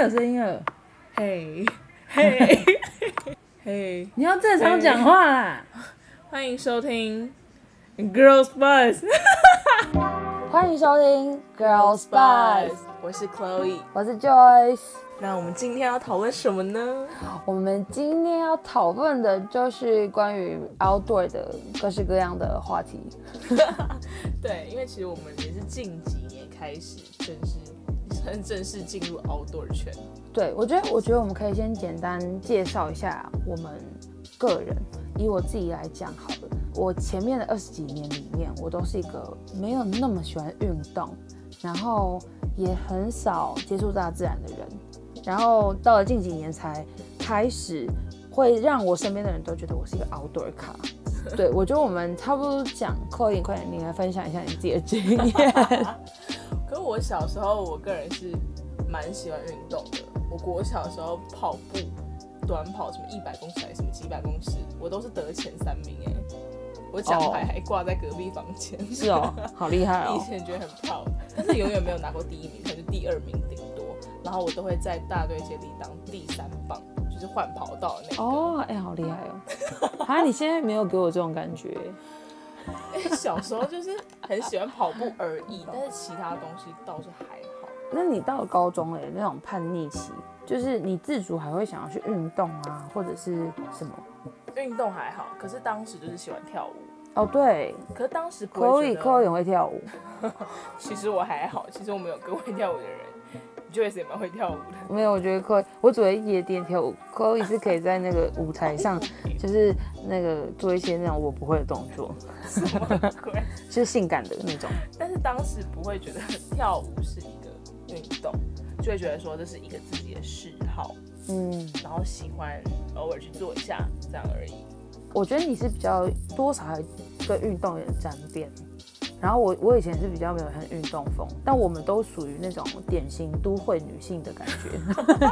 有聲音了，嘿，嘿，嘿，你要正常講話啦！Hey. 歡迎收聽 Girls Buzz， 歡迎收聽 Girls Buzz，我是 Chloe，我是 Joyce，那我們今天要討論什麼呢？我們今天要討論的就是關於 outdoor 的各式各樣的話題。 對，因為其實我們也是近幾年開始，正式。很正式進入 outdoor 圈。對，我覺得，我覺得我們可以先簡單介紹一下我們個人。以我自己來講好了，我前面的二十幾年裡面，我都是一個沒有那麼喜歡運動，然後也很少接觸大自然的人。然後到了近幾年才開始，會讓我身邊的人都覺得我是一個 outdoor 咖， 對，我覺得我們差不多講快點，Chloe, 快點，你來分享一下你自己的經驗。 可是我小時候，我個人是蠻喜歡運動的。我國小時候跑步、短跑什麼一百公尺、還是什麼幾百公尺，我都是得前三名哎、欸。我獎牌還掛在隔壁房間。Oh. 是哦，好厲害哦。以前覺得很胖，但是永遠沒有拿過第一名， 可就是第二名頂多。然後我都會在大隊接力當第三棒，就是換跑道那哦、個，哎、oh, 欸，好厲害哦。啊， 你現在沒有給我這種感覺。欸、小時候就是很喜歡跑步而已，但是其他東西倒是還好。那你到了高中，哎，那種叛逆期，就是你自主還會想要去運動啊，或者是什麼？運動還好，可是當時就是喜歡跳舞。哦，對，可是當時可以可以，會跳舞。其實我還好，其實我沒有很會跳舞的人。就是也蠻會跳舞的。沒有，我覺得可以。我只會夜店跳舞，可以是可以在那個舞台上，就是那個做一些那種我不會的動作， 什麼鬼 就是性感的那種。但是當時不會覺得跳舞是一個運動，就會覺得說這是一個自己的嗜好，嗯，然後喜歡偶爾去做一下這樣而已。我覺得你是比較多少還跟運動員沾邊。然後我我以前是比較沒有很運動風，但我們都屬於那種典型都會女性的感覺，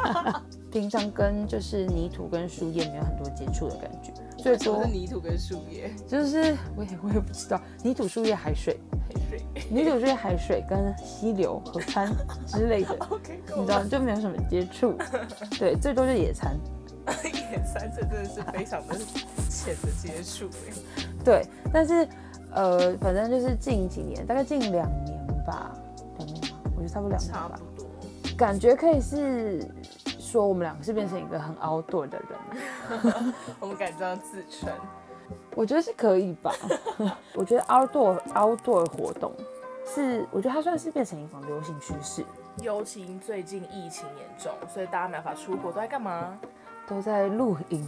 平常跟就是泥土跟樹葉沒有很多接觸的感覺，最多是泥土跟樹葉，就是我也我也不知道，泥土樹葉海水海水，泥土就是海，海水跟溪流河灘之類的， 你知道就沒有什麼接觸， 對，最多就野餐，野餐這真的是非常的淺的接觸，欸， 對，但是。呃，反正就是近幾年，大概近兩年吧，兩年，我覺得差不多兩年吧，差不多。感覺可以是說我們兩個是變成一個很 outdoor 的人， 我們敢這樣自稱，我覺得是可以吧。 我覺得 outdoor、outdoor 活動是，我覺得它算是變成一種流行趨勢。尤其最近疫情嚴重，所以大家沒辦法出國，都在幹嘛？都在露營、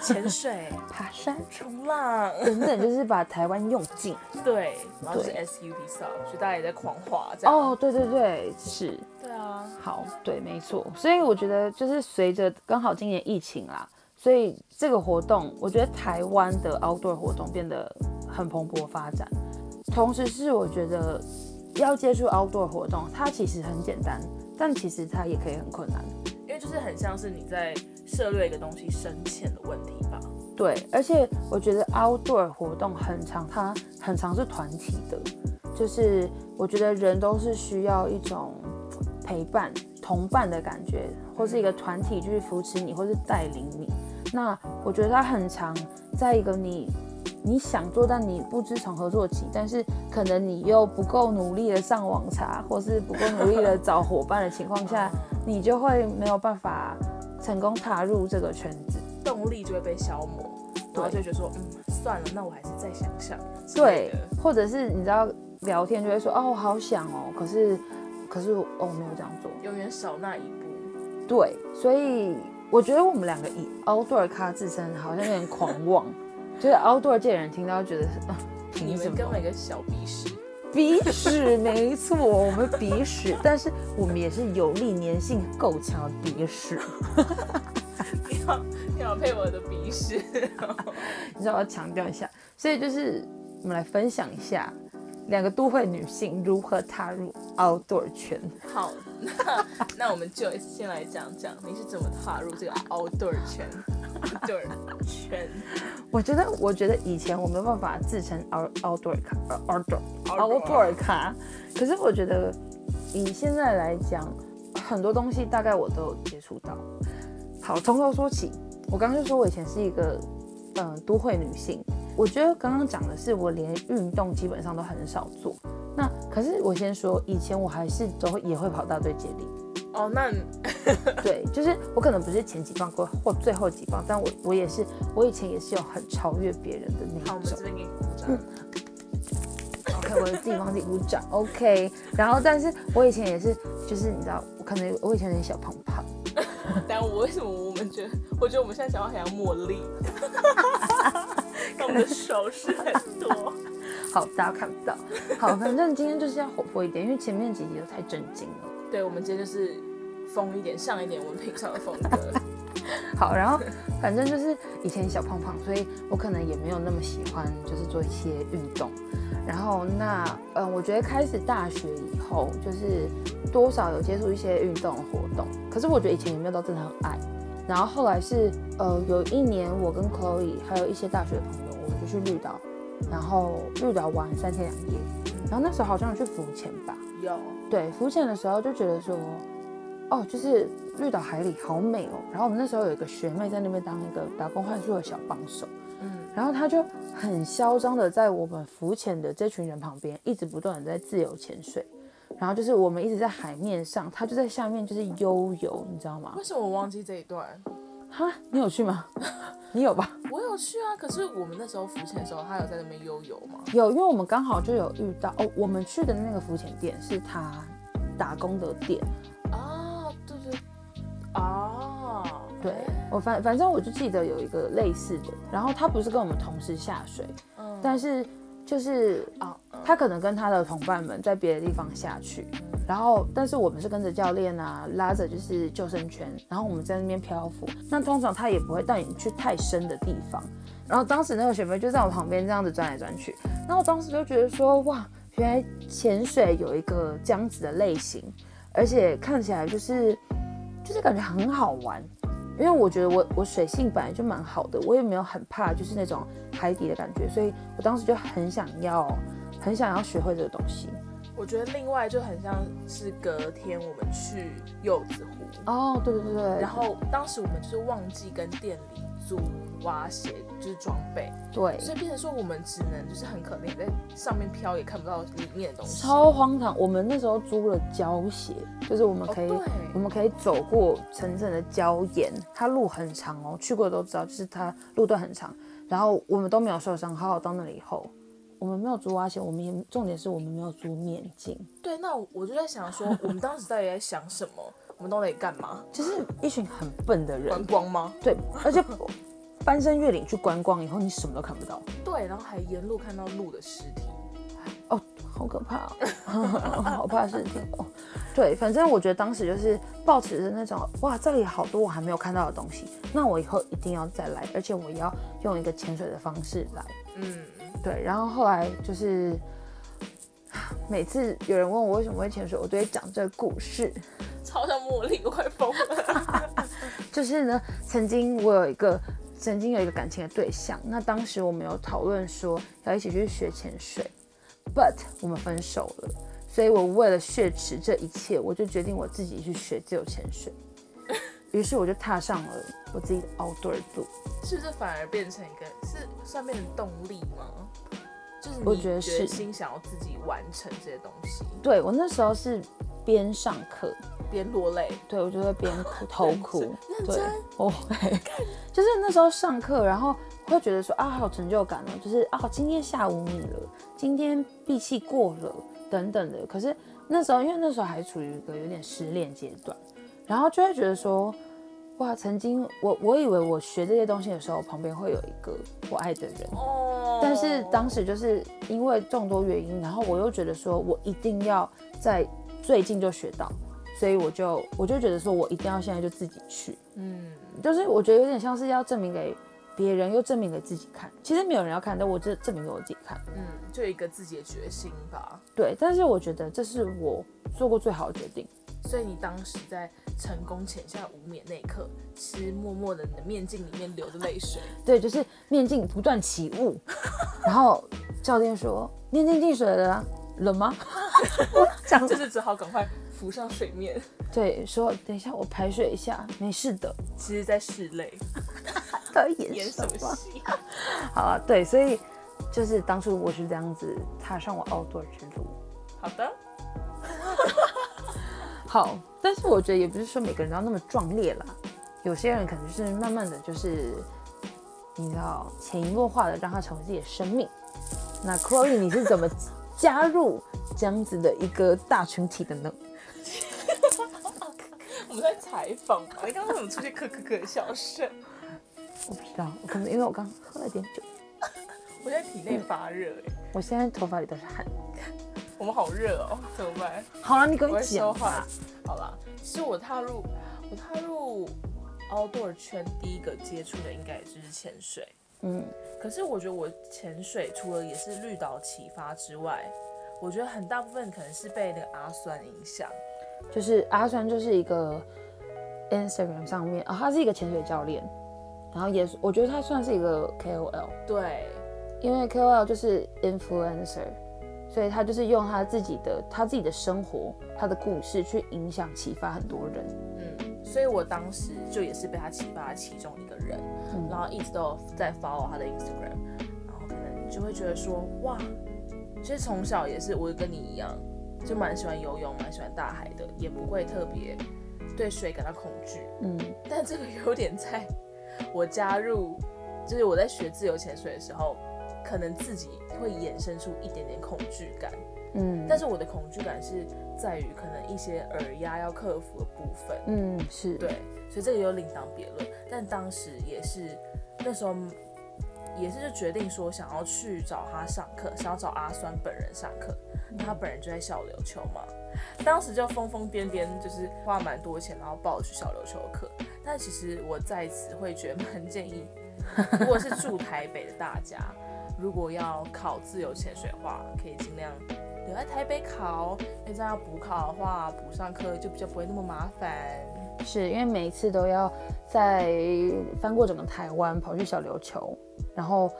潛水、 爬山、衝浪 等等，就是把台灣用盡。對，然後是 SUP，所以大家也在狂滑這樣。哦、oh，對對對，是。對啊。好，對，沒錯。所以我覺得，就是隨着剛好今年疫情啦，所以這個活動，我覺得台灣的 outdoor 活動變得很蓬勃發展。同時是，我覺得要接觸 outdoor 活動，它其實很簡單，但其實它也可以很困難。因為就是很像是你在。涉略一個東西深淺的問題吧。對，而且我覺得 outdoor 活動很常，它很常是團體的，就是我覺得人都是需要一種陪伴、同伴的感覺，或是一個團體去扶持你，或是帶領你。那我覺得它很常，在一個你你想做，但你不知從何做起，但是可能你又不夠努力的上網查，或是不夠努力的找夥伴的情況下， 你就會沒有辦法。成功踏入這個圈子，動力就會被消磨，然後就覺得說，嗯，算了，那我還是再想想，那個。對，或者是你知道聊天就會說，哦，好想哦，可是，可是哦，沒有這樣做，永遠少那一步。對，所以我覺得我們兩個以 Outdoor 咖自身好像有點狂妄， 就是 Outdoor 界的人聽到覺得，挺你們跟了一個小鼻屎。鼻屎沒錯，我們鼻屎，但是我們也是有力年、粘性夠強的鼻屎，你 好，你好配我的鼻屎。你知道我要強調一下，所以就是我們來分享一下。兩個都會女性如何踏入 outdoor 圈？好，那那我們就先來講講你是怎麼踏入這個 outdoor 圈。 德圈， 我覺得，我覺得以前我沒有辦法自稱 outdoor、outdoor、outdoor。可是我覺得以現在來講，很多東西大概我都接觸到。好，從頭說起，我剛剛就說，我以前是一個。嗯，都會女性，我覺得剛剛講的是我連運動基本上都很少做。那可是我先說，以前我還是都會也會跑大隊接力。哦、oh，那 對，就是我可能不是前幾棒過或後最後幾棒，但我我也是，我以前也是有很超越別人的那種。好，我不、嗯、OK，我的地方自己忘記鼓掌。 OK，然後但是我以前也是，就是你知道，我可能我以前有點小胖胖，但我為什麼我們覺得？我覺得我們現在講話很像茉莉，跟 我們的手勢很多。 好，大家看不到。好，反正今天就是要活潑一點，因為前面幾集都太震驚了。對，我們今天就是瘋一點，上一點，我們平常的風格。 好，然後反正就是以前小胖胖，所以我可能也沒有那麼喜歡，就是做一些運動。然後那嗯，我覺得開始大學以後，就是多少有接觸一些運動活動，可是我覺得以前也沒有到真的很愛。然後後來是呃，有一年我跟 Chloe 還有一些大學的朋友，我們就去綠島，然後綠島玩三天兩夜，然後那時候好像有去浮潛吧，有，對，浮潛的時候就覺得說，哦，就是綠島海裡好美哦。然後我們那時候有一個學妹在那邊當一個打工換宿的小幫手。然後他就很囂張的在我們浮潛的這群人旁邊，一直不斷地在自由潛水。然後就是我們一直在海面上，他就在下面就是悠游，你知道嗎？為什麼我忘記這一段？哈，你有去嗎？ 你有吧？我有去啊，可是我們那時候浮潛的時候，他有在那邊悠游嗎？有，因為我們剛好就有遇到哦，我們去的那個浮潛店是他打工的店啊，對對啊。對，我反，反正我就記得有一個類似的，然後他不是跟我們同時下水，嗯，但是就是啊，他可能跟他的同伴們在別的地方下去，然後但是我們是跟着教練啊拉着就是救生圈，然後我們在那邊漂浮。那通常他也不會帶你去太深的地方。然後當時那個學妹就在我旁邊這樣子轉來轉去，然後我當時就覺得說哇，原來潛水有一個這樣子的類型，而且看起來就是就是感覺很好玩。因為我覺得我我水性本來就蠻好的，我也沒有很怕就是那種海底的感覺，所以我當時就很想要，很想要學會這個東西。我覺得另外就很像是隔天我們去柚子湖哦，oh, 對對對，然後當時我們就是忘記跟店裡租。蛙鞋、就是裝備，對，所以變成說我們只能就是很可憐，在上面飄，也看不到裡面的東西，超荒唐。我們那時候租了膠鞋，就是我們可以、哦、對我們可以走過層層的礁岩，它路很長哦，去過的都知道，就是它路段很長。然後我們都沒有受傷，好好到那裡以後，我們沒有租蛙鞋，我們也重點是我們沒有租面鏡。對，那我就在想說，我們當時到底在想什麼？ 我們都得幹嘛？就是一群很笨的人觀光嗎？對，而且。 翻山越嶺去觀光以後，你什麼都看不到。對，然後還沿路看到鹿的屍體。哦，好可怕哦， 好怕屍體哦。對，反正我覺得當時就是抱持着那種，哇，這裡好多我還沒有看到的東西。那我以後一定要再來，而且我也要用一個潛水的方式來。嗯，對。然後後來就是每次有人問我為什麼會潛水，我都會講這個故事。超像茉莉，我快瘋了。 就是呢，曾經我有一個。曾經有一個感情的對象，那當時我們有討論說要一起去學潛水，but 我們分手了，所以我為了雪恥這一切，我就決定我自己去學自由潛水，於是我就踏上了我自己的 outdoor 路。是這反而變成一個，是算變成的動力嗎？就是我覺得是，心想要自己完成這些東西。我對我那時候是邊上課。邊落淚，對，我就會邊哭，偷哭，對，我會，就是那時候上課，然後會覺得說，啊，好有成就感哦，就是啊，今天下午你了，今天閉氣過了，等等的。可是那時候，因為那時候還處於一個有點失戀階段，然後就會覺得說，哇，曾經我我以為我學這些東西的時候，旁邊會有一個我愛的人，哦，但是當時就是因為眾多原因，然後我又覺得說我一定要在最近就學到。所以我就我就覺得說，我一定要現在就自己去，嗯，就是我覺得有點像是要證明給別人，又證明給自己看。其實沒有人要看，但我這證明給我自己看，嗯，就一個自己的決心吧。對，但是我覺得這是我做過最好的決定。所以你當時在成功潛下五米那一刻，其實默默的，你的面鏡裡面流着淚水。 對，就是面鏡不斷起霧，然後教練說面鏡進水了、啊，冷嗎？我 講 就是只好趕快。浮上水面，對，說等一下，我排水一下，沒事的。其實在室內，到 演演什麼戲，什麼戲 好了，啊，對，所以就是當初我是這樣子踏上我 outdoor 之路。好的， 好但，但是我覺得也不是說每個人都要那麼壯烈啦，有些人可能就是慢慢的，就是你知道潛移默化的讓他成為自己的生命。那 Chloe 你是怎麼加入這樣子的一個大群體的呢？ 我們在採訪，你剛剛怎麼出去咳咳咳的笑，笑聲？我不知道，我可能因為我剛剛喝了一點酒。 我現在體內發熱、欸， 我現在頭髮裡都是汗， 我們好熱哦、喔，怎麼辦？好了，你給你我說話。好了，其實我踏入我踏入 outdoor 圈，第一個接觸的應該就是潛水。嗯，可是我覺得我潛水除了也是綠島啟發之外，我覺得很大部分可能是被那個阿酸影響。就是阿川，啊、就是一個 Instagram 上面啊、哦，他是一個潛水教練，然後也是我覺得他算是一個 K O L，對，因為 K O L 就是 influencer，所以他就是用他自己的他自己的生活他的故事去影響啟發很多人，嗯，所以我當時就也是被他啟發其中一個人，嗯、然後一直都在 follow 他的 Instagram，然後可能你就會覺得說哇，其實從小也是我跟你一樣。就蠻喜歡游泳，蠻喜歡大海的，也不會特別對水感到恐懼。嗯，但這個有點在我加入，就是我在學自由潛水的時候，可能自己會衍生出一點點恐懼感。嗯，但是我的恐懼感是在於可能一些耳壓要克服的部分。嗯，是對，所以這個有另當別論。但當時也是那時候。也是就決定說想要去找他上課，想要找阿酸本人上課，他本人就在小琉球嘛。當時就瘋瘋癲癲，就是花蠻多錢，然後報去小琉球課。但其實我在此會覺得蠻建議，如果是住台北的大家，如果要考自由潛水的話，可以盡量留在台北考，因為這樣要補考的話，補上課就比較不會那麼麻煩。是因為每一次都要再翻過整個台灣，跑去小琉球，然後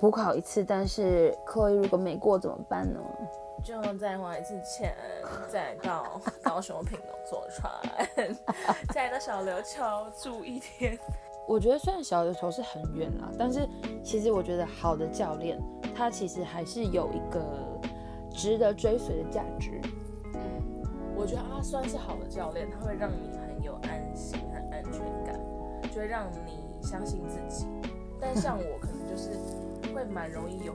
補考一次。但是科一如果沒過怎麼辦呢？就再花一次錢，再到什麼屏東坐船， 再到小琉球住一天。我覺得雖然小琉球是很遠啦，但是其實我覺得好的教練，他其實還是有一個值得追隨的價值。我覺得阿酸是好的教練，他會讓你。有安心和安全感，嗯、就會讓你相信自己。嗯、但像我可能就是會蠻容易有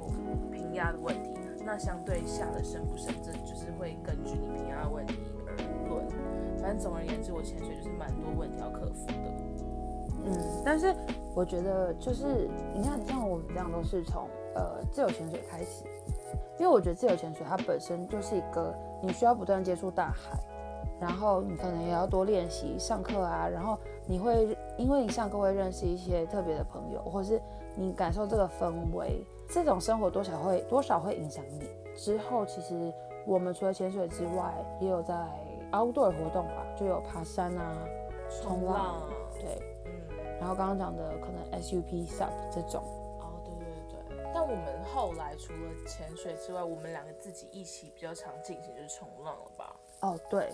平壓的問題，那相對下的深不深，這就是會根據你平壓的問題而論。反正總而言之，我潛水就是蠻多問題要克服的。嗯，但是我覺得就是你看，像我們這樣都是從呃自由潛水開始，因為我覺得自由潛水它本身就是一個你需要不斷接觸大海。然後你可能也要多練習上課啊，然後你會，因為你上課會認識一些特別的朋友，或是你感受這個氛圍，這種生活多少會多少會影響你。之後其實我們除了潛水之外，也有在 outdoor 活動吧，就有爬山啊、衝浪，對，嗯，然後剛剛講的可能 SUP、SUP 這種，哦，對對對對，但我們後來除了潛水之外，我們兩個自己一起比較常進行就是衝浪了吧？哦，對。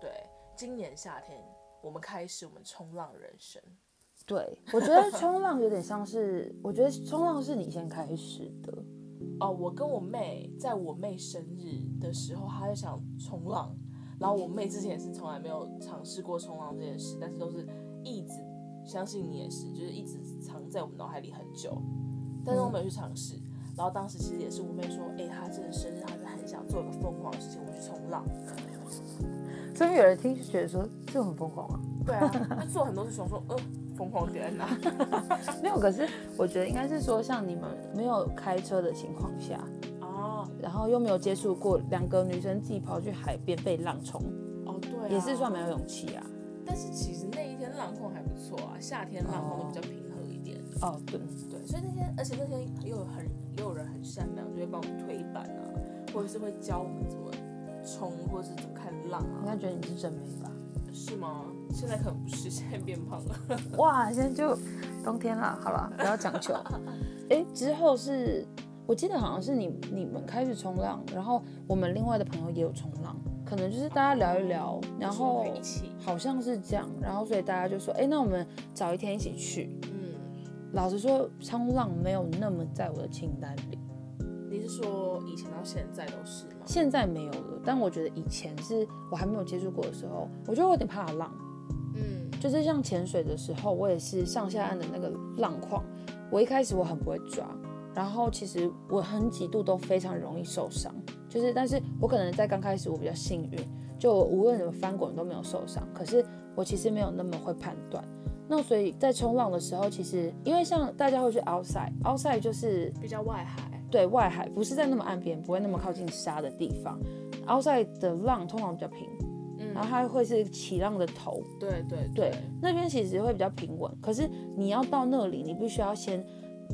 對，今年夏天我們開始我們衝浪人生。對，我覺得衝浪有點像是， 我覺得衝浪是你先開始的。哦，我跟我妹在我妹生日的時候，她就想衝浪，嗯。然後我妹之前也是從來沒有嘗試過衝浪這件事，但是都是一直相信你也是，就是一直藏在我們腦海裡很久，但是我沒有去嘗試。嗯、然後當時其實也是我妹說，誒，她這個生日，她是很想做一個瘋狂的事情，我去衝浪。所以有人聽就覺得說就很瘋狂啊？對啊，他做很多事情說呃瘋狂點啊， 沒有。可是我覺得應該是說，像你們沒有開車的情況下，哦，然後又沒有接觸過兩個女生自己跑去海邊被浪衝，哦對啊，也是算蠻有勇氣啊。但是其實那一天浪況還不錯啊，夏天浪況比較平和一點。哦，哦對，對，對，所以那天，而且那天又有很又有人很善良，就會幫我們推板啊，或者是會教我們怎麼。衝，或是怎麼看浪啊。應該覺得你是真美吧？是嗎？現在可能不是，現在變胖了。哇，現在就冬天了，好了，不要講求。哎、 欸，之後是，我記得好像是你你們開始衝浪，然後我們另外的朋友也有衝浪，可能就是大家聊一聊，嗯，然後好像是這樣，然後所以大家就說，哎、欸，那我們找一天一起去。嗯，老實說，衝浪沒有那麼在我的清單裡。說以前到現在都是嗎？現在沒有了，但我覺得以前是我還沒有接觸過的時候，我覺得我有點怕浪。嗯，就是像潛水的時候，我也是上下岸的那個浪況，我一開始我很不會抓，然後其實我很幾度都非常容易受傷，就是但是我可能在剛開始我比較幸運，就無論怎麼翻滾都沒有受傷。可是我其實沒有那麼會判斷，那所以在衝浪的時候，其實因為像大家會去 outside，outside outside 就是比較外海。對，外海不是在那麼岸邊，不會那麼靠近沙的地方。Outside 的浪通常比較平、嗯，然後它會是起浪的頭。對對對，對，那邊其實會比較平穩。可是你要到那裡，你必須要先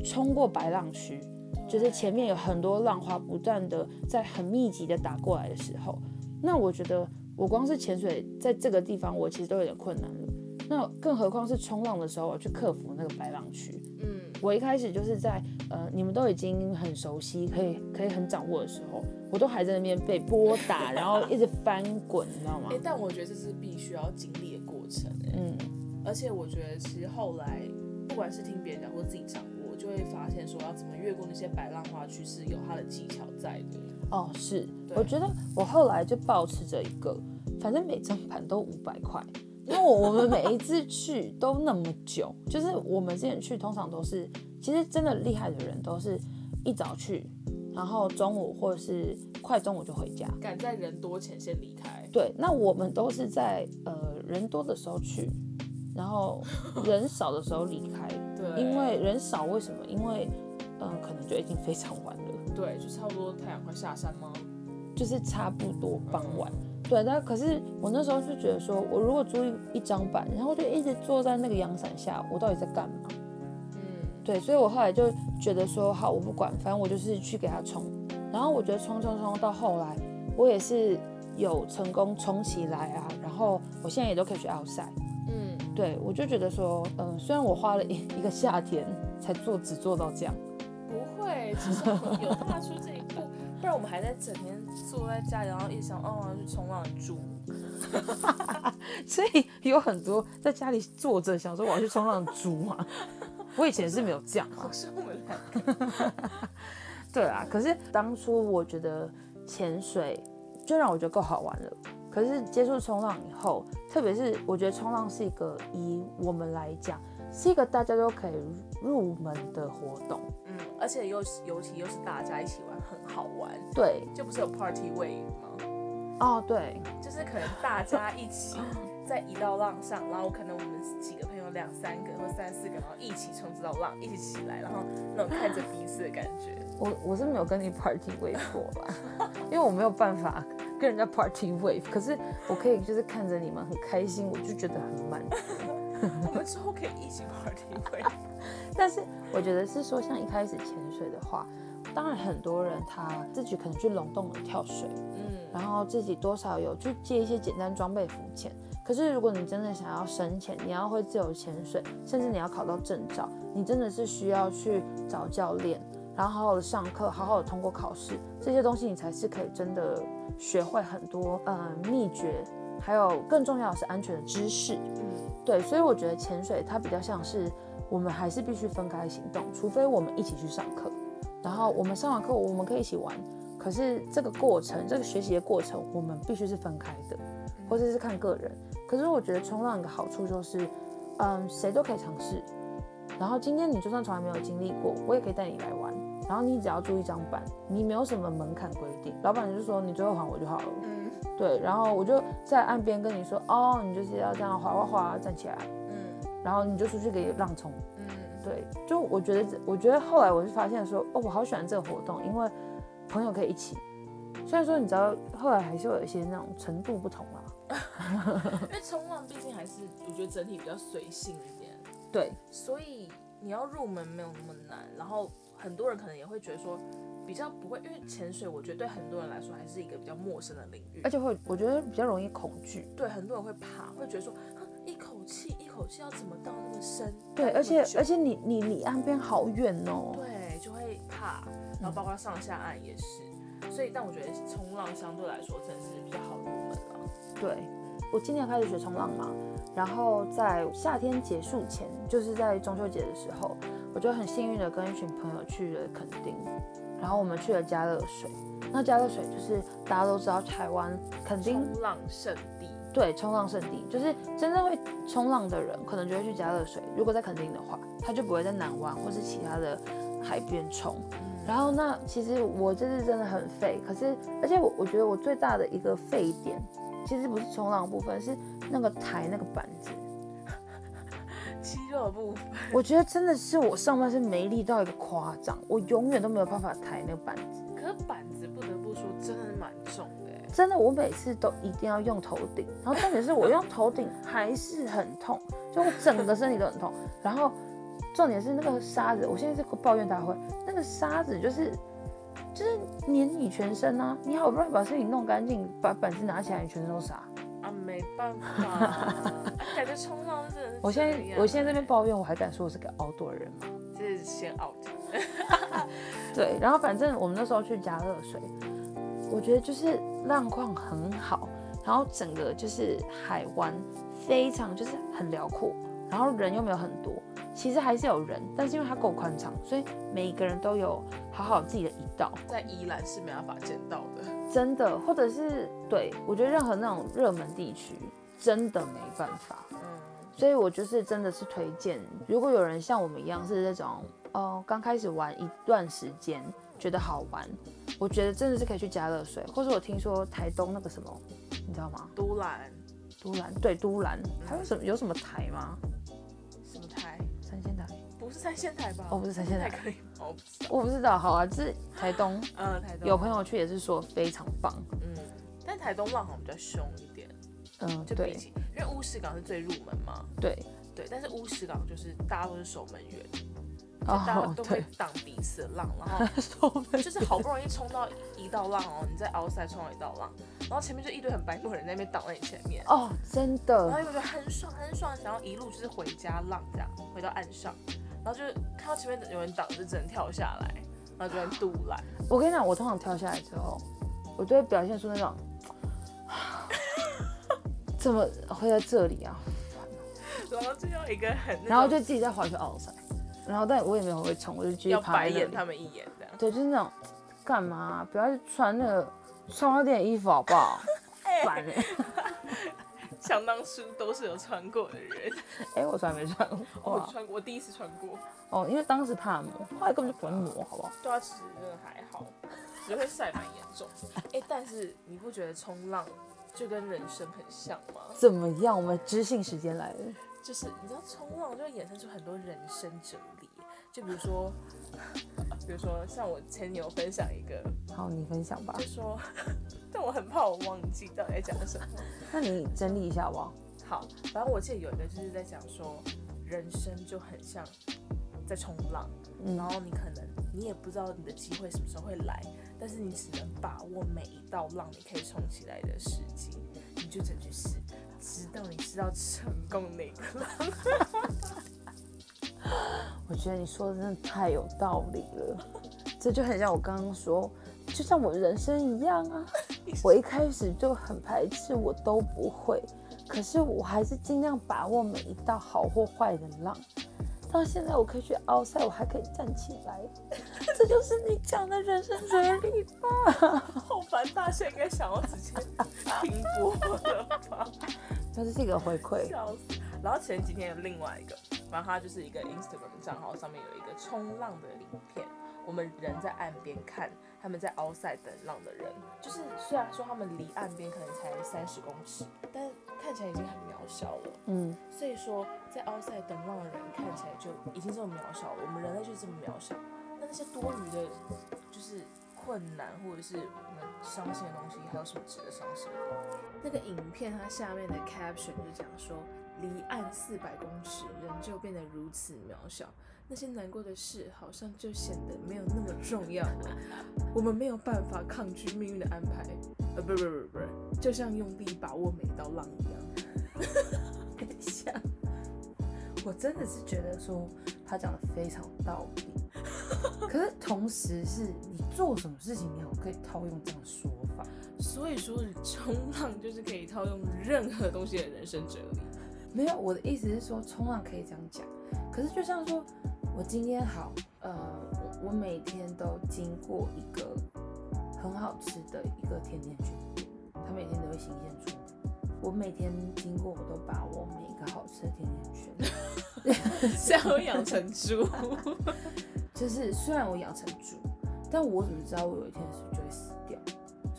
衝過白浪區，就是前面有很多浪花不斷的在很密集的打過來的時候，那我覺得我光是潛水在這個地方，我其實都有點困難了。那更何況是衝浪的時候，我去克服那個白浪區。嗯，我一開始就是在呃，你們都已經很熟悉，可以可以很掌握的時候，我都還在那邊被撥打， 然後一直翻滾，你知道嗎、欸？但我覺得這是必須要經歷的過程、欸。嗯，而且我覺得其實後來，不管是聽別人講或自己掌握，就會發現說要怎麼越過那些白浪花區是有它的技巧在的。哦，是，我覺得我後來就保持着一個，反正每張盤都五百塊。因為我我們每一次去都那麼久， 就是我們之前去通常都是，其實真的厲害的人都是一早去，然後中午或者是快中午就回家，趕在人多前先離開。對，那我們都是在呃人多的時候去，然後人少的時候離開。 對，因為人少為什麼？因為嗯可能就已經非常晚了。對，就差不多太陽快下山嗎？就是差不多傍晚。嗯嗯對，但可是我那時候就覺得說，我如果租一一張板，然後就一直坐在那個陽傘下，我到底在幹嘛？嗯，對，所以我後來就覺得說，好，我不管，反正我就是去給它衝。然後我覺得衝衝衝到後來，我也是有成功衝起來啊。然後我現在也都可以去 outside。嗯，對，我就覺得說，嗯、呃，雖然我花了一個一個夏天才做，只做到這樣，不會，至少有踏出這。 但我們還在整天坐在家裡，然後一想哦，要去衝浪豬， 所以有很多在家裡坐着想說我要去衝浪豬啊。 我以前是沒有這樣，可是我是不是我們兩個。 對啊，可是當初我覺得潛水就讓我覺得夠好玩了。可是接觸衝浪以後，特別是我覺得衝浪是一個以我們來講。是一個大家都可以入門的活動，嗯，而且又是尤其又是大家一起玩，很好玩。對，就不是有 party wave 嗎？哦、oh,，對，就是可能大家一起在一道浪上， 然後可能我們幾個朋友兩三個或三四個，然後一起衝這道浪，一起起來，然後那種看着彼此的感覺。我我是沒有跟你 party wave 過吧， 因為我沒有辦法跟人家 party wave，可是我可以就是看着你們很開心，我就覺得很滿足。 我們之後可以一起 party，但是我覺得是說，像一開始潛水的話，當然很多人他自己可能去龍洞了跳水，嗯，然後自己多少有去借一些簡單裝備浮潛。可是如果你真的想要深潛，你要會自由潛水，甚至你要考到證照，你真的是需要去找教練，然後好好的上課，好好的通過考試，這些東西你才是可以真的學會很多嗯、呃、秘訣。還有更重要的是安全的知識，嗯，對，所以我覺得潛水它比較像是我們還是必須分開行動，除非我們一起去上課，然後我們上完課我們可以一起玩，可是這個過程這個學習的過程我們必須是分開的，或者是，是看個人。可是我覺得衝浪一個好處就是，嗯，誰都可以嘗試。然後今天你就算從來沒有經歷過，我也可以帶你來玩。然後你只要租一張板，你沒有什麼門檻規定，老闆就說你最後還我就好了。對，然後我就在岸邊跟你說，哦，你就是要這樣滑、滑、滑站起來，嗯，然後你就出去給浪衝，嗯，對，就我覺得，我覺得後來我就發現說，哦，我好喜歡這個活動，因為朋友可以一起，雖然說你知道，後來還是會有一些那種程度不同嘛、啊，因為衝浪畢竟還是我覺得整體比較隨性一點，對，所以你要入門沒有那麼難，然後很多人可能也會覺得說。比較不會，因為潛水，我覺得對很多人來說還是一個比較陌生的領域，而且會，我覺得比較容易恐懼。對，很多人會怕，會覺得說，一口氣一口氣要怎麼到那麼深？對，而且而且你你你岸邊好遠哦、喔。對，就會怕，然後包括上下岸也是。嗯、所以，但我覺得衝浪相對來說真的是比較好入門了、啊。對，我今年開始學衝浪嘛，然後在夏天結束前，就是在中秋節的時候，我就很幸運的跟一群朋友去了墾丁。然後我們去了佳樂水，那佳樂水就是大家都知道，台灣墾丁衝浪聖地，對，衝浪聖地就是真正會衝浪的人，可能就會去佳樂水。如果在墾丁的話，他就不會在南灣或是其他的海邊衝。嗯、然後，那其實我這次真的很廢，可是，而且我我覺得我最大的一個廢點，其實不是衝浪的部分，是那個抬那個板子。肌肉部分，我覺得真的是我上半身沒力到一個誇張，我永遠都沒有辦法抬那個板子。可是板子不得不說真的蠻重的，真的我每次都一定要用頭頂，然後重點是我用頭頂還是很痛，就我整個身體都很痛。然後重點是那個沙子，我現在是抱怨大會，那個沙子就是就是黏你全身啊，你好不容易把身體弄乾淨，把板子拿起來，你全身都沙。沒辦法，感覺衝浪的是……我現在我現在這邊抱怨，我還敢說我是個 outdoor 人嗎？這，就是先 out 對，然後反正我們那時候去加熱水，我覺得就是浪況很好，然後整個就是海灣非常就是很遼闊，然後人又沒有很多，其實還是有人，但是因為它夠寬敞，所以每一個人都有好好自己的一道。在宜蘭是沒辦法見到的。真的，或者是對我覺得任何那種熱門地區，真的沒辦法。嗯，所以我就是真的是推薦，如果有人像我們一樣是那種，哦，剛開始玩一段時間覺得好玩，我覺得真的是可以去佳樂水，或者我聽說台東那個什麼，你知道嗎？都蘭，都蘭，對，都蘭，還有什麼有什麼台嗎？什麼台？是三仙台吧？哦、oh,，不是三仙台，可以、oh,。我不知道，好啊，這是台東。嗯，台東有朋友去也是說非常棒。嗯，但台東浪好像比較凶一點。嗯，就比起對，因為烏石港是最入門嘛。對對，但是烏石港就是大家都是守門員，oh, 就大家都會擋彼此的浪，oh,，然後就是好不容易衝到一道浪哦，你在 outside 衝到一道浪，然後前面就一堆很白目的人在那邊擋在你前面。哦、oh,，真的。然後又覺得很爽，很爽，想要一路就是回家浪這樣，回到岸上。然後就是看到前面有人擋，就只能跳下來，然後就很賭爛。我跟你講，我通常跳下來之後，我就會表現出那種，怎麼會在這裡啊？ 然後最後一個很那，然後就自己在滑雪凹賽，然後但我也沒有會衝，我就直接白眼他們一眼這樣，對，就是那種幹嘛不要去穿那個專賣店衣服好不好？煩、 欸想當初都是有穿過的人，哎、欸，我從來沒穿過、哦。我穿，我第一次穿過。哦，因為當時怕磨，後來根本就不會磨，好不好？對啊，其實真的還好，只會曬蠻嚴重。哎、 欸，但是你不覺得衝浪就跟人生很像嗎？怎麼樣，我們知性時間來了。就是你知道，衝浪就會衍生出很多人生哲理。就比如說，比如說像我前女友分享一個，好，你分享吧。就說，但我很怕我忘記到底在講什麼。 那你整理一下我好，好，好，反正我記得有一個就是在講說，人生就很像在衝浪，嗯，然後你可能你也不知道你的機會什麼時候會來，但是你只能把握每一道浪你可以衝起來的時機，你就整去試，直到你知道成功那個浪 我覺得你說的真的太有道理了，這就很像我剛剛說，就像我人生一樣啊，我一開始就很排斥，我都不會，可是我還是儘量把握每一道好或壞的浪，到現在我可以去凹賽，我還可以站起來，這就是你講的人生哲理吧？後凡大學應該想要直接聽過的吧？但這是一個回饋，然後前幾天有另外一個。然後它，就是一個 Instagram 賬號，上面有一個衝浪的影片，我們人在岸邊看，他們在 outside 等浪的人，就是雖然說他們離岸邊可能才三十公尺，但看起來已經很渺小了。嗯，所以說在 outside 等浪的人看起來就已經這麼渺小了，我們人類就是這麼渺小。那那些多餘的，就是困難或者是我們傷心的東西，還有什麼值得傷心的？的、嗯？那個影片它下面的 caption 就是講說。離岸四百公尺，人就變得如此渺小。那些難過的事，好像就顯得沒有那麼重要了。 我們沒有辦法抗拒命運的安排。呃，不，不不不不，就像用力把握每一道浪一樣。 我真的是覺得說他講的非常有道理。可是同時是你做什麼事情，你也可以套用這種說法。所以說，衝浪就是可以套用任何東西的人生哲理。沒有，我的意思是說，衝浪可以這樣講，可是就像說我今天好，呃，我每天都經過一個很好吃的一個甜甜圈店，他每天都會新鮮出來。我每天經過，我都把我每一個好吃的甜甜圈， 像我養成豬， 就是雖然我養成豬，但我怎麼知道我有一天是不是就會死？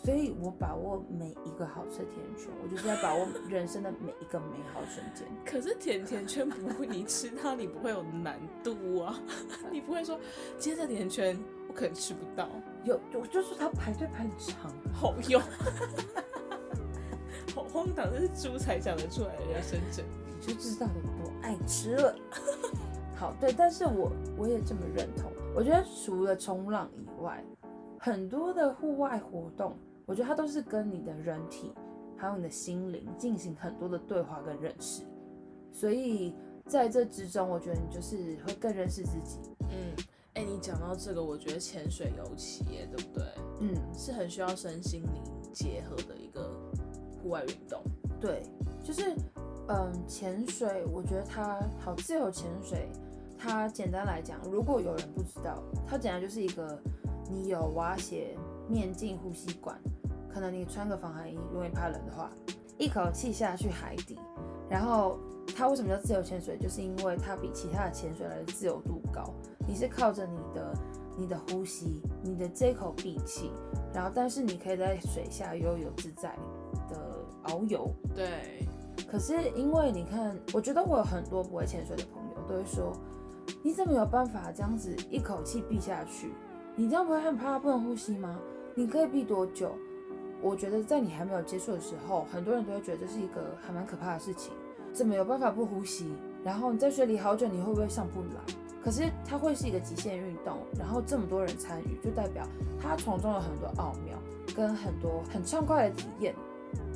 所以我把握每一個好吃的甜甜圈，我就是要把握人生的每一個美好的瞬間。可是甜甜圈不，你吃它，你不會有難度啊， 你不會說接着甜甜圈我可能吃不到。有，我就是它排隊排的長，好用， 好荒唐，這是豬才想得出來的人生哲理。你就知道你多愛吃了。 好，對，但是我我也這麼認同。我覺得除了衝浪以外，很多的戶外活動。我覺得它都是跟你的人體，還有你的心靈進行很多的對話跟認識，所以在這之中，我覺得你就是會更認識自己。嗯，哎、欸，你講到這個，我覺得潛水尤其，對不對？嗯，是很需要身心靈結合的一個戶外運動。對，就是嗯，潛水，我覺得它好自由潛水。它簡單來講，如果有人不知道，它簡單就是一個你有蛙鞋、面鏡、呼吸管。可能你穿個防寒衣，容易怕冷的話，一口氣下去海底。然後它為什麼叫自由潛水？就是因為它比其他的潛水來的自由度高。你是靠着你的你的呼吸，你的這口閉氣，然後但是你可以在水下悠游自在的遨遊。對。可是因為你看，我覺得我有很多不會潛水的朋友都會說：“你怎麼有辦法這樣子一口氣閉下去？你這樣不會很怕，不能呼吸嗎？你可以閉多久？”我覺得在你還沒有接觸的時候，很多人都會覺得這是一個還蠻可怕的事情。怎麼有辦法不呼吸？然後你在水裡好久，你會不會上不來？可是它會是一個極限運動，然後這麼多人參與，就代表它從中有很多奧妙，跟很多很暢快的體驗。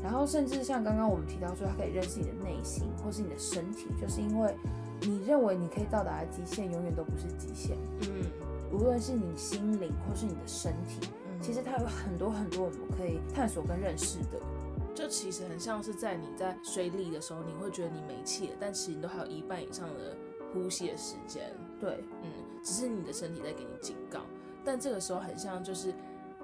然後甚至像剛剛我們提到說，它可以認識你的內心或是你的身體，就是因為你認為你可以到達的極限，永遠都不是極限。嗯，無論是你心靈或是你的身體。其實它有很多很多我們可以探索跟認識的，就其實很像是在你在水裡的時候，你會覺得你沒氣了，但其實你都還有一半以上的呼吸的時間。對，嗯，只是你的身體在給你警告。但這個時候很像就是